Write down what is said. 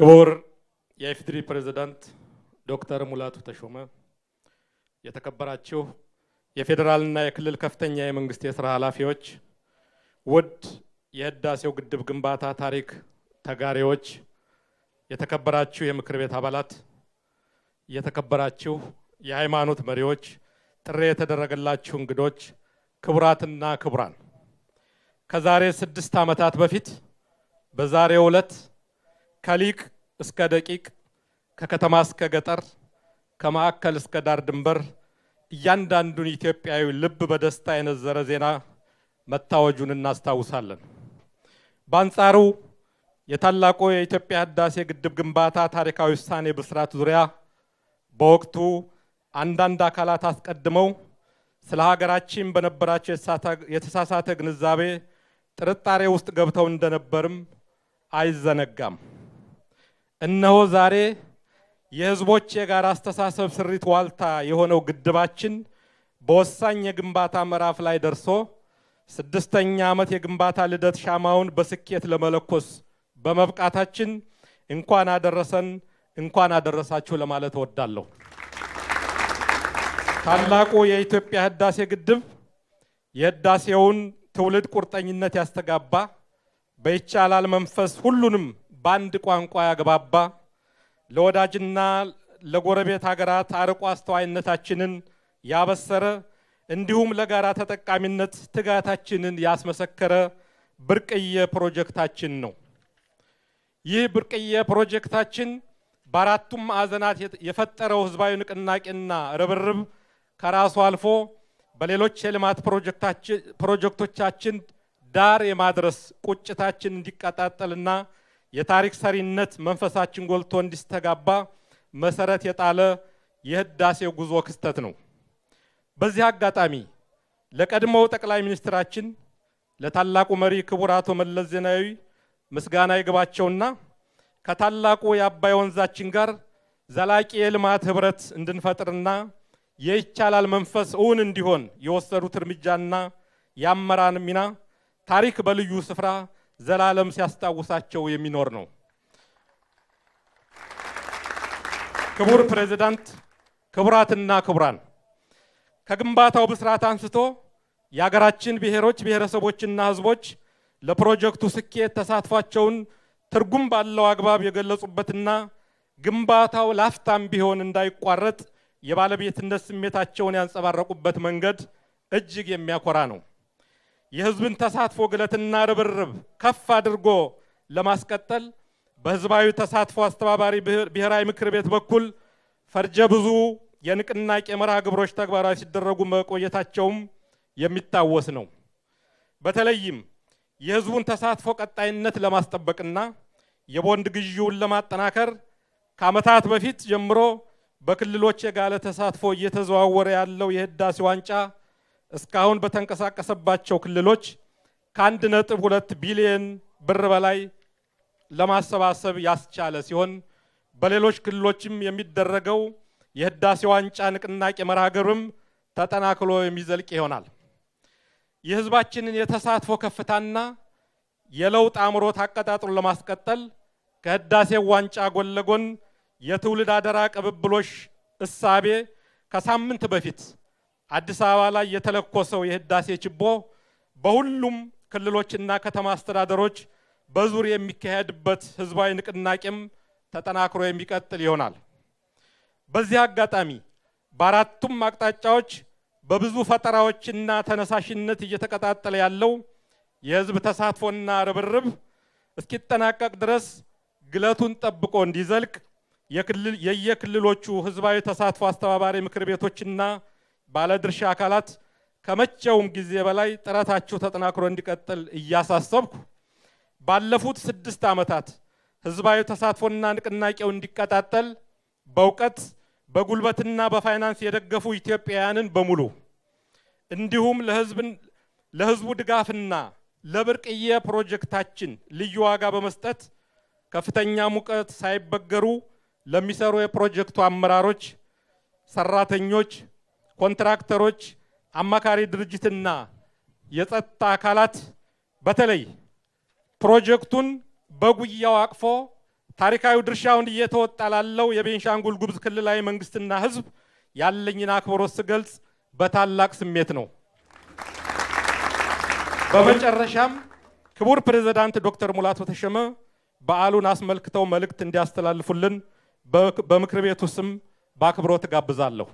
ክቡር የኢፌዴሪ ፕሬዝዳንት ዶክተር ሙላቱ ተሾመ፣ የተከበራችሁ የፌዴራልና የክልል ከፍተኛ የመንግስት የስራ ኃላፊዎች፣ ውድ የህዳሴው ግድብ ግንባታ ታሪክ ተጋሪዎች፣ የተከበራችሁ የምክር ቤት አባላት፣ የተከበራችሁ የሃይማኖት መሪዎች፣ ጥሪ የተደረገላችሁ እንግዶች፣ ክቡራትና ክቡራን ከዛሬ ስድስት ዓመታት በፊት በዛሬው ዕለት ከሊቅ እስከ ደቂቅ፣ ከከተማ እስከ ገጠር፣ ከማዕከል እስከ ዳር ድንበር እያንዳንዱን ኢትዮጵያዊ ልብ በደስታ የነዘረ ዜና መታወጁን እናስታውሳለን። በአንጻሩ የታላቁ የኢትዮጵያ ህዳሴ ግድብ ግንባታ ታሪካዊ ውሳኔ ብስራት ዙሪያ በወቅቱ አንዳንድ አካላት አስቀድመው ስለ ሀገራችን በነበራቸው የተሳሳተ ግንዛቤ ጥርጣሬ ውስጥ ገብተው እንደነበርም አይዘነጋም። እነሆ ዛሬ የህዝቦች የጋራ አስተሳሰብ ስሪት ዋልታ የሆነው ግድባችን በወሳኝ የግንባታ ምዕራፍ ላይ ደርሶ ስድስተኛ ዓመት የግንባታ ልደት ሻማውን በስኬት ለመለኮስ በመብቃታችን እንኳን አደረሰን እንኳን አደረሳችሁ ለማለት እወዳለሁ። ታላቁ የኢትዮጵያ ህዳሴ ግድብ የህዳሴውን ትውልድ ቁርጠኝነት ያስተጋባ በይቻላል መንፈስ ሁሉንም በአንድ ቋንቋ ያግባባ፣ ለወዳጅና ለጎረቤት ሀገራት አርቆ አስተዋይነታችንን ያበሰረ እንዲሁም ለጋራ ተጠቃሚነት ትጋታችንን ያስመሰከረ ብርቅዬ ፕሮጀክታችን ነው። ይህ ብርቅዬ ፕሮጀክታችን በአራቱም ማዕዘናት የፈጠረው ህዝባዊ ንቅናቄና ርብርብ ከራሱ አልፎ በሌሎች የልማት ፕሮጀክቶቻችን ዳር የማድረስ ቁጭታችን እንዲቀጣጠልና የታሪክ ሰሪነት መንፈሳችን ጎልቶ እንዲስተጋባ መሰረት የጣለ የህዳሴው ጉዞ ክስተት ነው። በዚህ አጋጣሚ ለቀድሞው ጠቅላይ ሚኒስትራችን ለታላቁ መሪ ክቡር አቶ መለስ ዜናዊ ምስጋና ይግባቸውና ከታላቁ የአባይ ወንዛችን ጋር ዘላቂ የልማት ህብረት እንድንፈጥርና የይቻላል መንፈስ እውን እንዲሆን የወሰዱት እርምጃና የአመራር ሚና ታሪክ በልዩ ስፍራ ዘላለም ሲያስታውሳቸው የሚኖር ነው። ክቡር ፕሬዝዳንት፣ ክቡራትና ክቡራን፣ ከግንባታው ብስራት አንስቶ የሀገራችን ብሔሮች ብሔረሰቦችና ህዝቦች ለፕሮጀክቱ ስኬት ተሳትፏቸውን ትርጉም ባለው አግባብ የገለጹበትና ግንባታው ላፍታም ቢሆን እንዳይቋረጥ የባለቤትነት ስሜታቸውን ያንጸባረቁበት መንገድ እጅግ የሚያኮራ ነው። የህዝብን ተሳትፎ ግለትና ርብርብ ከፍ አድርጎ ለማስቀጠል በህዝባዊ ተሳትፎ አስተባባሪ ብሔራዊ ምክር ቤት በኩል ፈርጀ ብዙ የንቅናቄ መርሃ ግብሮች ተግባራዊ ሲደረጉ መቆየታቸውም የሚታወስ ነው። በተለይም የህዝቡን ተሳትፎ ቀጣይነት ለማስጠበቅና የቦንድ ግዢውን ለማጠናከር ከዓመታት በፊት ጀምሮ በክልሎች የጋለ ተሳትፎ እየተዘዋወረ ያለው የህዳሴ ዋንጫ እስካሁን በተንቀሳቀሰባቸው ክልሎች ከአንድ ነጥብ ሁለት ቢሊየን ብር በላይ ለማሰባሰብ ያስቻለ ሲሆን በሌሎች ክልሎችም የሚደረገው የህዳሴ ዋንጫ ንቅናቄ መራገብም ተጠናክሎ የሚዘልቅ ይሆናል። የህዝባችንን የተሳትፎ ከፍታና የለውጥ አምሮት አቀጣጥሩን ለማስቀጠል ከህዳሴ ዋንጫ ጎን ለጎን የትውልድ አደራ ቅብብሎሽ እሳቤ ከሳምንት በፊት አዲስ አበባ ላይ የተለኮሰው የህዳሴ ችቦ በሁሉም ክልሎችና ከተማ አስተዳደሮች በዙር የሚካሄድበት ህዝባዊ ንቅናቄም ተጠናክሮ የሚቀጥል ይሆናል። በዚህ አጋጣሚ በአራቱም አቅጣጫዎች በብዙ ፈጠራዎችና ተነሳሽነት እየተቀጣጠለ ያለው የህዝብ ተሳትፎና ርብርብ እስኪጠናቀቅ ድረስ ግለቱን ጠብቆ እንዲዘልቅ የየክልሎቹ ህዝባዊ ተሳትፎ አስተባባሪ ምክር ቤቶችና ባለድርሻ አካላት ከመቼውም ጊዜ በላይ ጥረታችሁ ተጠናክሮ እንዲቀጥል እያሳሰብኩ ባለፉት ስድስት ዓመታት ህዝባዊ ተሳትፎና ንቅናቄው እንዲቀጣጠል በእውቀት በጉልበትና በፋይናንስ የደገፉ ኢትዮጵያውያንን በሙሉ እንዲሁም ለህዝቡ ድጋፍና ለብርቅዬ ፕሮጀክታችን ልዩ ዋጋ በመስጠት ከፍተኛ ሙቀት ሳይበገሩ ለሚሰሩ የፕሮጀክቱ አመራሮች፣ ሰራተኞች ኮንትራክተሮች፣ አማካሪ ድርጅትና የጸጥታ አካላት በተለይ ፕሮጀክቱን በጉያው አቅፎ ታሪካዊ ድርሻውን እየተወጣ ላለው የቤንሻንጉል ጉብዝ ክልላዊ መንግስትና ህዝብ ያለኝን አክብሮት ስገልጽ በታላቅ ስሜት ነው። በመጨረሻም ክቡር ፕሬዝዳንት ዶክተር ሙላቱ ተሾመ በዓሉን አስመልክተው መልእክት እንዲያስተላልፉልን በምክር ቤቱ ስም በአክብሮት ጋብዛለሁ።